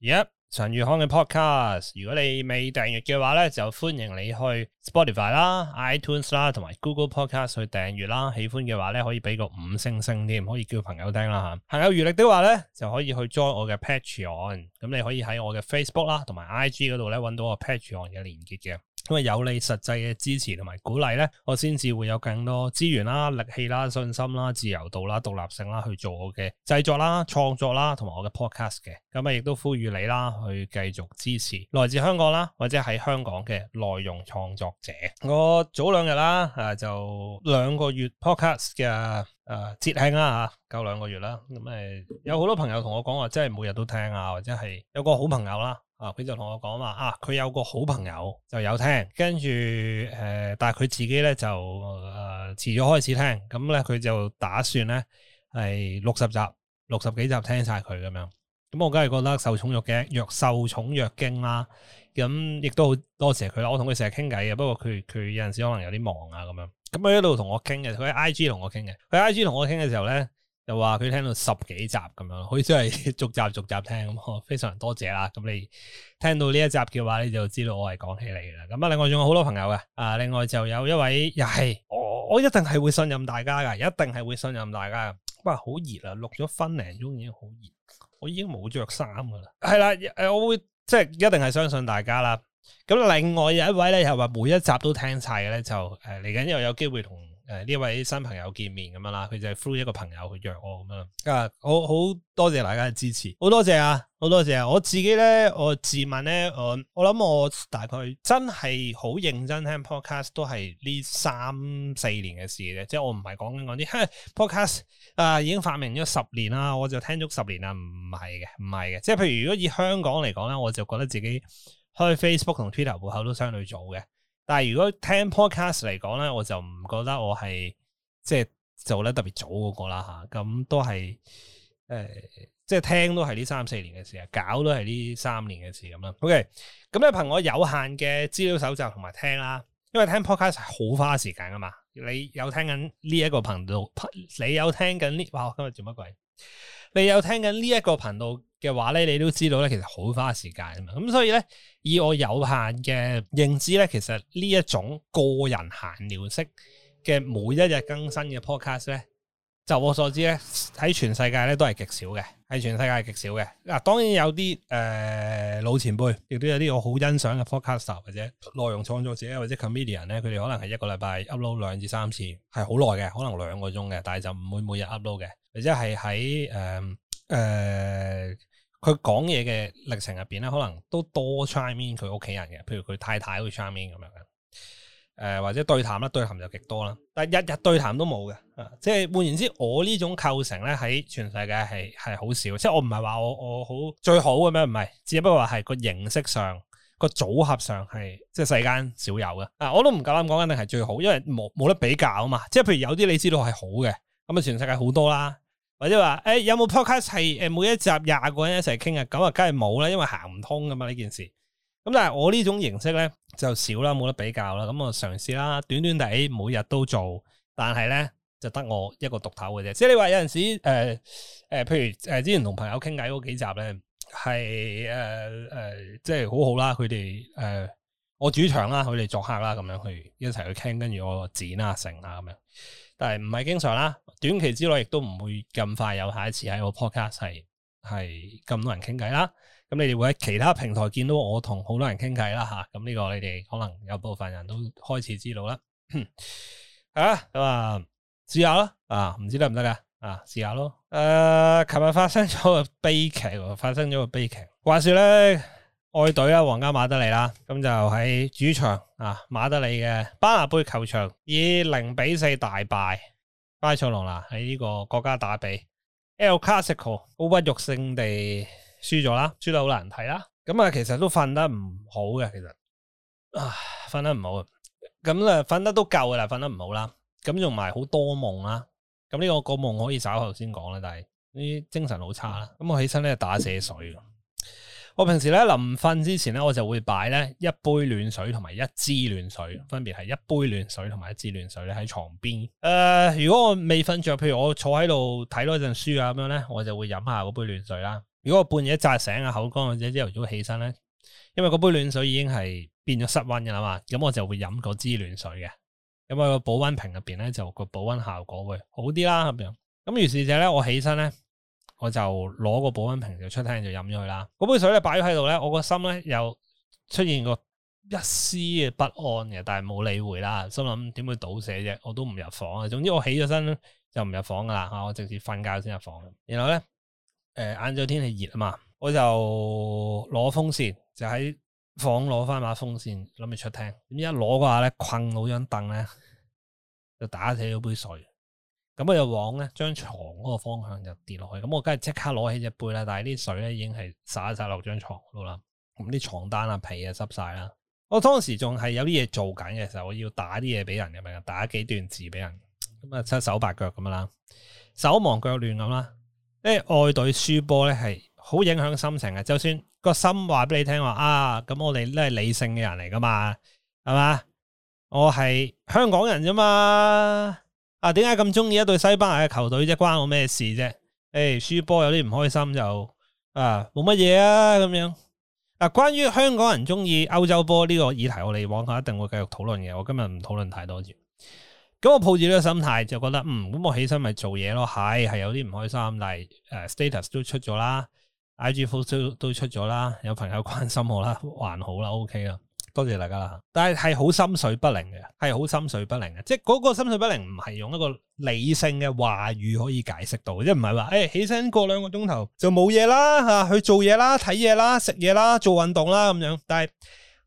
而家、yep, 常裕康嘅 podcast，如果你未訂閱嘅話咧，就歡迎你去 Spotify 啦、iTunes 啦，同埋 Google Podcast 去訂閱啦。喜歡嘅話咧，可以俾個五星星添，可以叫朋友聽啦吓。行有餘力嘅話咧，就可以去 join 我嘅 Patreon。咁你可以喺我嘅 Facebook 啦，同埋 IG 嗰度咧，揾到我 Patreon 嘅鏈接嘅。咁啊，因為有你實際嘅支持同埋鼓勵咧，我先至會有更多資源啦、力氣啦、信心啦、自由度啦、獨立性啦，去做我嘅製作啦、創作啦，同埋我嘅 podcast 嘅。咁啊，亦都呼籲你啦，去繼續支持來自香港啦，或者喺香港嘅內容創作者。我早兩日啦，啊就兩個月 podcast 嘅誒節慶啦嚇，夠兩個月啦。咁誒，有好多朋友同我講話，即係每日都聽啊，或者係有個好朋友啦。啊！佢就同我講嘛，佢有個好朋友就有聽，跟住、呃、但係佢自己咧就誒遲咗開始聽，咁咧佢就打算咧係六十集、六十幾集聽晒佢咁樣。咁、嗯、我梗係覺得受寵若驚，若受寵若驚啦。咁、嗯、亦都好多謝佢啦。我同佢成日傾偈嘅，不過佢佢有陣時可能有啲忙啊咁樣。咁、嗯、佢一路同我傾嘅，佢喺 IG 同我傾嘅，佢 IG 同我傾嘅時候咧。就話佢聽到十幾集咁樣，好似係逐集逐集、集聽咁，我非常多謝啦。咁你聽到呢一集嘅話，你就知道我係講起你嘅啦。咁啊，另外仲有好多朋友嘅，啊，另外就有一位又係我，我一定係會信任大家嘅，一定係會信任大家嘅。哇，好熱啊，錄咗分零鐘已經好熱，我已經冇着衫噶啦。係啦，誒，我會即係一定係相信大家啦。咁另外有一位咧又話每一集都聽晒嘅咧，就誒嚟緊又有機會同。誒，呢位新朋友見面咁樣啦，佢就係 through 一個朋友去約我咁樣，啊，好好多謝大家嘅支持，好多謝啊，好多謝啊！我自己咧，我自問咧，我我諗我大概真係好認真聽 podcast 都係呢三四年嘅事咧，即係我唔係講緊講啲 podcast 啊，已經發明咗十年啦，我就聽咗十年啦，唔係嘅，唔係嘅，即係譬如如果以香港嚟講咧，我就覺得自己開 Facebook 同 Twitter 戶口都相對早嘅。但係如果聽 podcast 嚟講咧，我就唔覺得我係即係做得特別早嗰個啦吓，咁、啊、都係誒、呃，即係聽都係呢三四年嘅事，搞都係呢三年嘅事咁啦。OK，咁咧憑我有限嘅資料搜集同埋聽啦，因為聽 podcast 係好花時間㗎嘛，你有聽緊呢一個頻道，你有聽緊呢，哇，今日做乜鬼？你有聽緊呢一個頻道嘅話你都知道其實好花時間啊嘛。咁所以咧，以我有限嘅認知其實呢一種個人閒聊式嘅每一日更新嘅 podcast 就我所知咧，喺全世界咧都係極少嘅，喺全世界係極少嘅。嗱、啊，當然有啲誒、呃、老前輩，亦都有啲我好欣賞嘅 podcaster 或者內容創作者或者 comedian 咧，佢哋可能係一個禮拜 upload 兩至三次，係好耐嘅，可能兩個鐘嘅，但係就唔會每日 upload 嘅。或者係喺誒誒佢講嘢嘅歷程入邊咧，可能都多 chime in 佢屋企人嘅，譬如佢太太會 chime in。e t 佢咪？誒、呃、或者對談啦，對談就極多啦。但係日日對談都冇嘅、啊，即係換言之，我呢種構成咧喺全世界係係好少。即係我唔係話我我好最好嘅咩？唔係，只不過話係個形式上、個組合上係即係世間少有嘅。啊，我都唔夠膽講肯定係最好，因為冇冇得比較啊嘛。即係譬如有啲你知道係好嘅，咁啊全世界好多啦。或者話誒、欸、有冇 podcast 係誒每一集廿個人一齊傾嘅？咁啊，梗係冇啦，因為行唔通噶嘛呢件事。咁但係我呢種形式咧就少啦，冇得比較啦。咁、嗯、我嘗試啦，短短地每日都做，但係咧就得我一個獨頭嘅啫。即係你話有陣時誒誒、呃呃，譬如誒、呃、之前同朋友傾偈嗰幾集咧，係誒誒，即係好好啦。佢哋誒我主場啦，佢哋作客啦，咁樣去一齊去傾，跟住我剪啊成啊咁樣。但係唔係經常啦，短期之內亦都唔會咁快有下一次喺我 podcast 係係咁多人傾偈啦。咁你哋會喺其他平台見到我同好多人傾偈啦吓，咁、啊、呢、這個你哋可能有部分人都開始知道、 啊啊、啦。啊，咁啊，試下啦，啊唔知得唔得噶？啊試下咯。誒、啊，琴日發生咗個悲劇，發生咗個悲劇。話說咧，愛隊啊，皇家馬德里啦，咁就喺主場啊，馬德里嘅巴拿貝球場以零比四大敗巴塞羅那喺呢個國家打比，El Clasico，好屈辱性地。輸咗啦，輸得好難睇啦。咁啊，其實都瞓得唔好嘅，其實啊，瞓得唔好啊。咁啊，瞓得都夠噶啦，瞓得唔好啦。咁仲埋好多夢啦。咁呢、這個個夢可以稍後先講啦。但係啲精神好差啦。咁我起身咧打瀉水。我平時咧臨瞓之前咧，我就會擺咧一杯暖水同埋一支暖水，分別係一杯暖水同埋一支暖水咧喺床邊。誒、呃，如果我未瞓着，譬如我坐喺度睇多陣書啊咁樣咧，我就會飲下嗰杯暖水啦。如果我半夜扎醒啊口乾，或者朝頭早起身咧，因為嗰杯暖水已經係變咗室温噶啦嘛，咁我就會飲嗰支暖水嘅，因為個保溫瓶入邊咧就個保溫效果會好啲啦咁樣。咁於是者咧我起身咧，我就攞個保溫瓶就出廳就飲咗佢啦。嗰杯水咧擺咗喺度咧，我個心咧又出現個一絲嘅不安嘅，但係冇理會啦，心諗點會倒瀉啫，我都唔入房啊。總之我起咗身就唔入房噶啦，我直接瞓覺先入房。然後咧，誒晏晝天氣熱啊嘛，我就攞風扇，就喺房攞翻把風扇諗住出廳，咁一攞嘅話咧困到張凳咧，就打碎咗杯水，咁我就往咧張床嗰個方向就跌落去，咁我梗係即刻攞起隻杯啦，但係啲水咧已經係灑一灑落張床度啦，咁啲床單啊被啊濕晒啦，我當時仲係有啲嘢做緊嘅時候，我要打啲嘢俾人嘅，打幾段字俾人，咁啊七手八腳咁啦，手忙腳亂咁啦。誒，外隊輸波咧係好影響心情嘅。就算個心話俾你聽話啊，咁我哋都係理性嘅人嚟㗎嘛，係嘛？我係香港人咋嘛，啊？啊，點解咁中意一隊西班牙嘅球隊啫？關我咩事啫？誒、欸，輸波有啲唔開心就啊，冇乜嘢啊咁樣。嗱，啊，關於香港人中意歐洲波呢個議題，我哋往後一定會繼續討論嘅。我今日唔討論太多住。咁我抱住呢個心態就覺得，嗯，咁我起身咪做嘢咯，係係有啲唔開心，但係誒、呃、status 都出咗啦，IG post 都都出咗啦，有朋友關心我啦，還好啦，OK 啦，多謝大家啦。但係係好心水不寧嘅，係好心水不寧嘅，即係嗰個心水不寧唔係用一個理性嘅話語可以解釋到，即係唔係話，誒、欸，起身過兩個鐘頭就冇嘢啦，吓、啊、去做嘢啦，睇嘢啦，食嘢啦，做運動啦咁樣，但係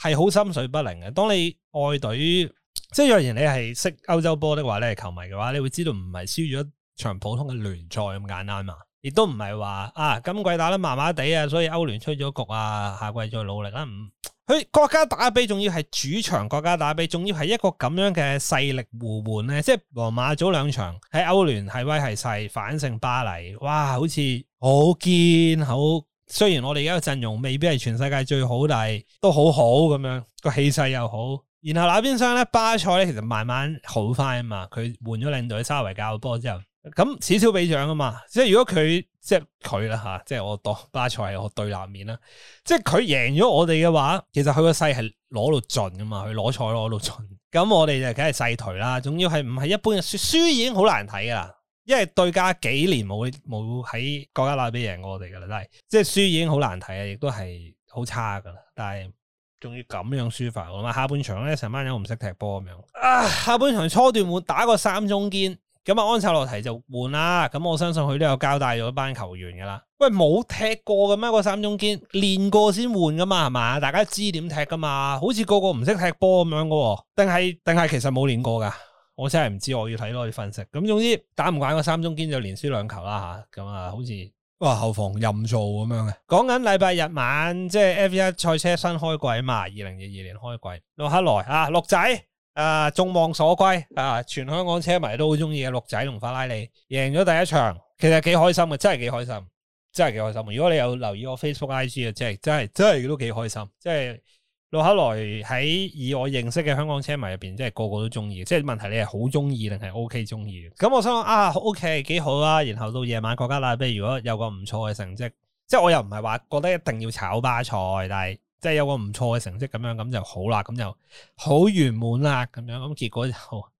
係好心水不寧嘅。當你愛隊。即係，若然你係識歐洲波的話咧，係球迷嘅話，你會知道唔係輸咗場普通嘅聯賽咁簡單嘛，亦都唔係話啊今季打得麻麻地啊，所以歐聯出咗局啊，下季再努力啦。佢、嗯、國家打比仲要係主場，國家打比仲要係一個咁樣嘅勢力互換咧，即係皇馬早兩場喺歐聯係威係勢，反勝巴黎，哇，好似好堅好。雖然我哋而家個陣容未必係全世界最好，但係都好好咁樣，個氣勢又好。然後那邊廂咧，巴塞咧其實慢慢好翻啊嘛，佢換咗領隊沙維教波之後，咁此消彼長啊嘛，即係如果佢即係佢啦吓，即係我當巴塞係我對立面啦，即係佢贏咗我哋嘅話，其實佢個勢係攞到盡噶嘛，佢攞賽攞到盡，咁我哋就梗係勢頹啦，總要係唔係一般嘅輸，輸已經好難睇噶啦，因為對家幾年冇冇喺國家那邊贏過我哋噶啦，但係即係輸已經好難睇啊，亦都係好差噶啦，但係。仲要咁樣輸法，下半場呢，成班人唔識踢波咁樣啊！下半場初段換打個三中堅，咁啊安察洛提就換啦。咁我相信佢都有交代咗班球員噶啦。喂，冇踢過噶咩？個三中堅練過先換噶嘛？係嘛？大家知點踢噶嘛？好似個個唔識踢波咁樣噶，定係定係其實冇練過噶？我真係唔知，我要睇咯，我要分析。咁總之打唔慣個三中堅就連輸兩球啦吓。咁啊，嗯，好似。哇！後防任做咁樣嘅，講緊禮拜日晚，即係 F 一賽車新開季嘛，二零二二年開季，洛克萊啊，鹿仔啊，眾望所歸啊，全香港車迷都好中意嘅鹿仔同法拉利，贏咗第一場，其實幾開心啊，真係幾開心，真係幾開心。如果你有留意我 Facebook IG 啊，即係真係真係都幾開心，即係。落下來喺以我認識嘅香港車迷入邊，即係個個都中意，即係問題是你係好中意定係 O K 中意嘅？咁我想啊，O K 幾好啊。然後到夜晚國家啦，譬如如果有個唔錯嘅成績，即係我又唔係話覺得一定要炒巴塞，但係即係有個唔錯嘅成績咁樣咁就好啦，咁就好圓滿啦咁樣。咁結果就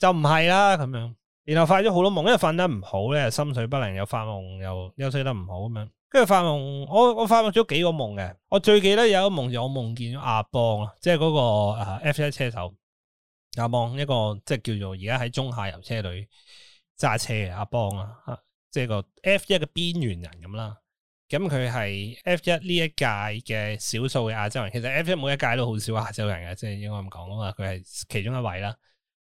就唔係啦咁樣，然後發咗好多夢，因為瞓得唔好咧，心水不靈又發夢又休息得唔好咁樣。跟住發夢，我我發夢咗幾個夢嘅。我最記得有一個夢，就我夢見阿邦啦，即係嗰個 F 一車手阿邦，一個即係叫做而家喺中下游車隊揸車嘅阿邦啦，嚇，即係個 F 一嘅邊緣人咁啦。咁佢係 F 一呢一屆嘅少數嘅亞洲人，其實 F 一每一屆都好少亞洲人嘅，即係應該咁講啊嘛。佢係其中一位啦。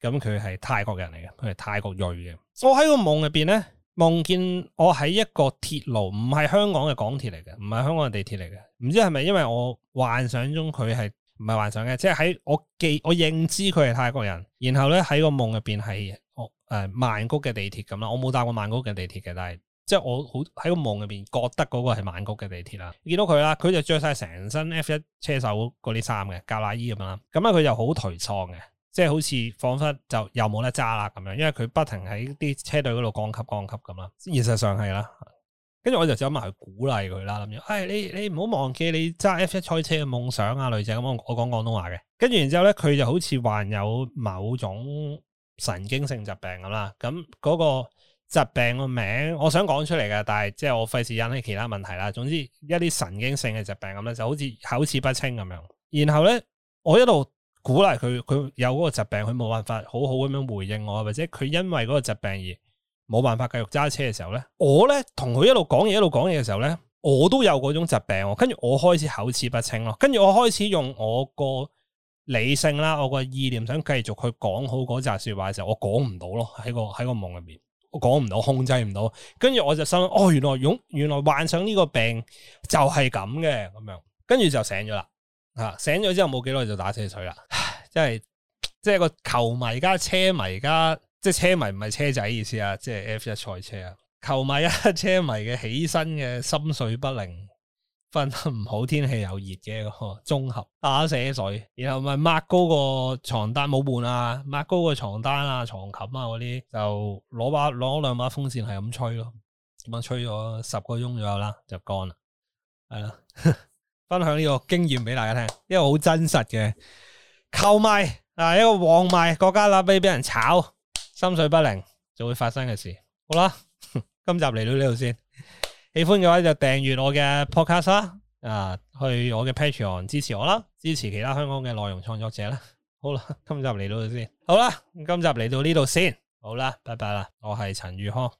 咁佢係泰國人嚟嘅，佢係泰國裔嘅。我喺個夢入邊咧。夢見我喺一個鐵路，唔係香港嘅港鐵嚟嘅，唔係香港嘅地鐵嚟嘅，唔知係咪因為我幻想中佢係唔係幻想嘅，即係喺我記我認知佢係泰國人，然後咧喺個夢入邊係誒曼谷嘅地鐵咁啦，我冇搭過曼谷嘅地鐵嘅，但係即係我好喺個夢入邊覺得嗰個係曼谷嘅地鐵啦，見到佢啦，佢就着晒成身 F 一車手嗰啲衫嘅膠拉衣咁啦，咁啊佢就好頹喪嘅。即係好似彷彿就又冇得揸啦咁樣，因為佢不停喺啲車隊嗰度降級降級咁啦。現實上係啦，跟住我就走埋去鼓勵佢啦，諗住，哎，你你唔好忘記你揸 F1 賽車嘅夢想啊！女仔咁樣，我我講廣東話嘅。跟住然之後咧，佢就好似患有某種神經性疾病咁啦。咁、嗯、嗰、那個疾病個名，我想講出嚟嘅，但係即係我費事引起其他問題啦。總之，一啲神經性嘅疾病咁咧，就好似口齒不清咁樣。然後咧，我一路。鼓勵佢，佢有嗰個疾病，佢冇辦法好好咁樣回應我，或者佢因為嗰個疾病而冇辦法繼續揸車嘅時候咧，我咧同佢一路講嘢，一路講嘢嘅時候咧，我都有嗰種疾病，跟住我開始口齒不清咯，跟住我開始用我個理性啦，我個意念想繼續去講好嗰扎說話嘅時候，我講唔到咯，喺個喺個夢入面，我講唔到，控制唔到，跟住我就心想，哦，原來用原來患上呢個病就係咁嘅，咁樣，跟住就醒咗啦。啊！醒咗之後冇幾耐就打車水啦，即係即係個球迷加車迷加，即係車迷唔係車仔意思啊！即係 F1 賽車啊，球迷一、啊、車迷嘅起身嘅心緒不寧，瞓得唔好，天氣又熱嘅個綜合打車水，然後咪抹高個床單冇換啊，抹高個床單啊、床琴啊嗰啲，就攞把攞兩把風扇係咁吹咯，咁樣吹咗十個鐘左右啦，就乾啦，係啦。呵呵分享呢個經驗俾大家聽，一個好真實嘅，購買啊，一個黃賣國家啦，被俾人炒，心水不靈就會發生嘅事。好啦，今集嚟到呢度先，喜歡嘅話就訂閱我嘅 podcast 啦，啊去我嘅 patreon 支持我啦，支持其他香港嘅內容創作者啦。好啦，今集嚟到呢度先，好啦，今集嚟到呢度先，好啦，拜拜啦，我係陳宇康。